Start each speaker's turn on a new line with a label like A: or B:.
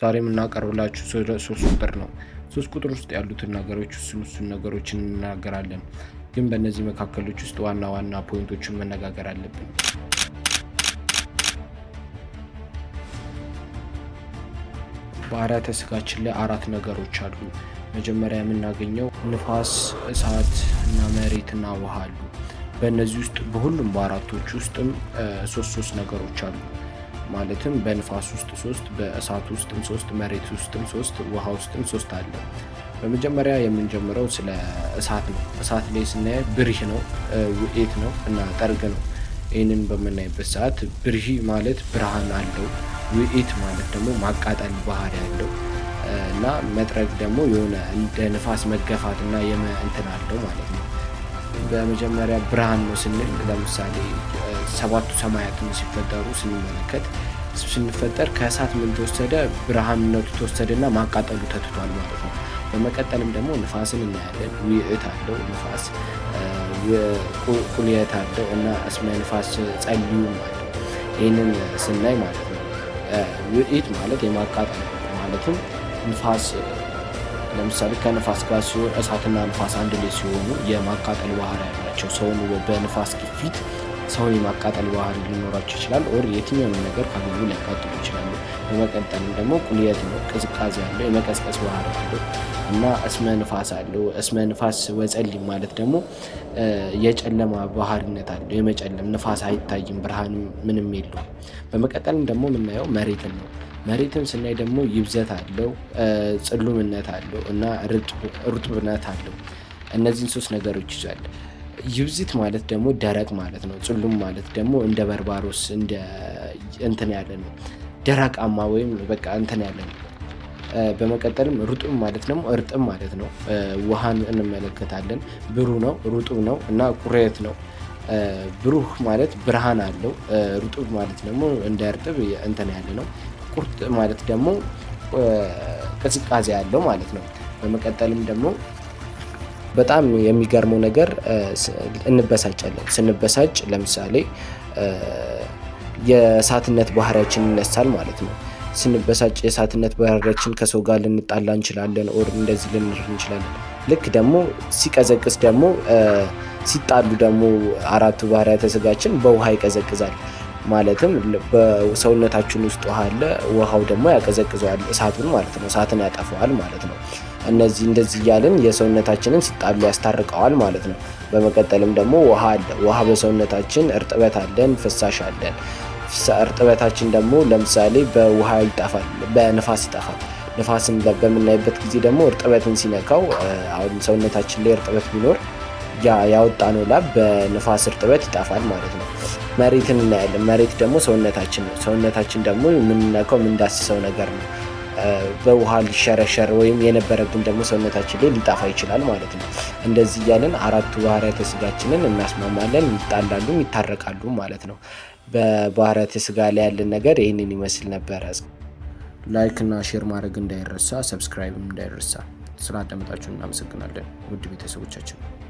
A: ዛሬ የምናቀርብላችሁ ስለ ሶስት ቁጥር ነው። ሶስት ቁጥር ውስጥ ያሉትን ነገሮች እሱን እሱን ነገሮችን እንናገራለን፣ ግን በእነዚህ መካከሎች ውስጥ ዋና ዋና ፖይንቶችን መነጋገር አለብን። ባህርያተ ሥጋችን ላይ አራት ነገሮች አሉ። መጀመሪያ የምናገኘው ንፋስ፣ እሳት እና መሬትና ውሃ አሉ። በእነዚህ ውስጥ በሁሉም በአራቶች ውስጥም ሶስት ሶስት ነገሮች አሉ። ማለትም በንፋስ ውስጥ ሶስት፣ በእሳት ውስጥም ሶስት፣ መሬት ውስጥም ሶስት፣ ውሃ ውስጥም ሶስት አለ። በመጀመሪያ የምንጀምረው ስለ እሳት ነው። እሳት ላይ ስናየ ብርህ ነው፣ ውኤት ነው እና ጠርግ ነው። ይህንን በምናይበት ሰዓት ብርሂ ማለት ብርሃን አለው፣ ውኤት ማለት ደግሞ ማቃጠል ባህሪ ያለው እና መጥረግ ደግሞ የሆነ እንደ ንፋስ መገፋት እና የመእንትን አለው ማለት ነው። በመጀመሪያ ብርሃን ነው ስንል ለምሳሌ ሰባቱ ሰማያትን ሲፈጠሩ ስንመለከት ስንፈጠር ከእሳት ምን ተወሰደ? ብርሃንነቱ ተወሰደና ማቃጠሉ ተትቷል ማለት ነው። በመቀጠልም ደግሞ ንፋስን እናያለን። ውዕት አለው ንፋስ ቁልየት አለው እና እስመ ንፋስ ጸልዩም አለው። ይህንን ስናይ ማለት ነው ውዕት ማለት የማቃጠል ማለትም ንፋስ ለምሳሌ ከንፋስ ጋር ሲሆን እሳትና ንፋስ አንድ ላይ ሲሆኑ የማቃጠል ባህሪ ያላቸው ሰውን በንፋስ ግፊት ሰውን የማቃጠል ባህሪ ሊኖራቸው ይችላል። ኦር የትኛውንም ነገር ካገኙ ሊያቃጥሉ ይችላሉ። በመቀጠልም ደግሞ ቁልየት ነው፣ ቅዝቃዜ አለው፣ የመቀስቀስ ባህሪ አለው እና እስመ ንፋስ አለው። እስመ ንፋስ ወጸሊም ማለት ደግሞ የጨለማ ባህሪነት አለው፣ የመጨለም ንፋስ አይታይም፣ ብርሃን ምንም የለው በመቀጠልም ደግሞ የምናየው መሬትን ነው። መሬትን ስናይ ደግሞ ይብዘት አለው፣ ጽሉምነት አለው እና ርጥብነት አለው። እነዚህን ሶስት ነገሮች ይዟል። ዩዚት ማለት ደግሞ ደረቅ ማለት ነው። ጽሉም ማለት ደግሞ እንደ በርባሮስ እንደ እንትን ያለ ነው፣ ደረቃማ ወይም በቃ እንትን ያለ ነው። በመቀጠልም ሩጡም ማለት ደግሞ እርጥም ማለት ነው። ውሃን እንመለከታለን። ብሩ ነው፣ ሩጡም ነው እና ቁሬት ነው። ብሩህ ማለት ብርሃን አለው። ሩጡብ ማለት ደግሞ እንደ እርጥብ እንትን ያለ ነው። ቁርጥ ማለት ደግሞ ቅዝቃዜ ያለው ማለት ነው። በመቀጠልም ደግሞ በጣም የሚገርመው ነገር እንበሳጫለን። ስንበሳጭ ለምሳሌ የእሳትነት ባህሪያችን ይነሳል ማለት ነው። ስንበሳጭ የእሳትነት ባህሪያችን ከሰው ጋር ልንጣላ እንችላለን፣ ኦር እንደዚህ ልንር እንችላለን። ልክ ደግሞ ሲቀዘቅስ ደግሞ ሲጣሉ ደግሞ አራቱ ባህሪያተ ስጋችን በውሃ ይቀዘቅዛል። ማለትም በሰውነታችን ውስጥ ውሃ አለ። ውሃው ደግሞ ያቀዘቅዘዋል እሳቱን ማለት ነው። እሳትን ያጠፈዋል ማለት ነው። እነዚህ እንደዚህ እያልን የሰውነታችንን ሲጣሉ ያስታርቀዋል ማለት ነው። በመቀጠልም ደግሞ ውሃ አለ። ውሃ በሰውነታችን እርጥበት አለን፣ ፍሳሽ አለን። እርጥበታችን ደግሞ ለምሳሌ በውሃ ይጠፋል፣ በንፋስ ይጠፋል። ንፋስን በምናይበት ጊዜ ደግሞ እርጥበትን ሲነካው አሁን ሰውነታችን ላይ እርጥበት ቢኖር ያወጣ ነው ላብ በንፋስ እርጥበት ይጠፋል ማለት ነው። መሬትን እናያለን። መሬት ደግሞ ሰውነታችን ነው። ሰውነታችን ደግሞ የምንነካው የምንዳስሰው ነገር ነው። በውሃ ሊሸረሸር ወይም የነበረብን ደግሞ ሰውነታችን ላይ ሊጣፋ ይችላል ማለት ነው። እንደዚህ እያለን አራቱ ባህርያተ ስጋችንን እናስማማለን፣ ይጣላሉም ይታረቃሉ ማለት ነው። በባህርያተ ስጋ ላይ ያለን ነገር ይህንን ይመስል ነበረ።
B: ላይክ እና ሼር ማድረግ እንዳይረሳ፣ ሰብስክራይብ እንዳይረሳ። ስላዳመጣችሁ እናመሰግናለን ውድ ቤተሰቦቻችን።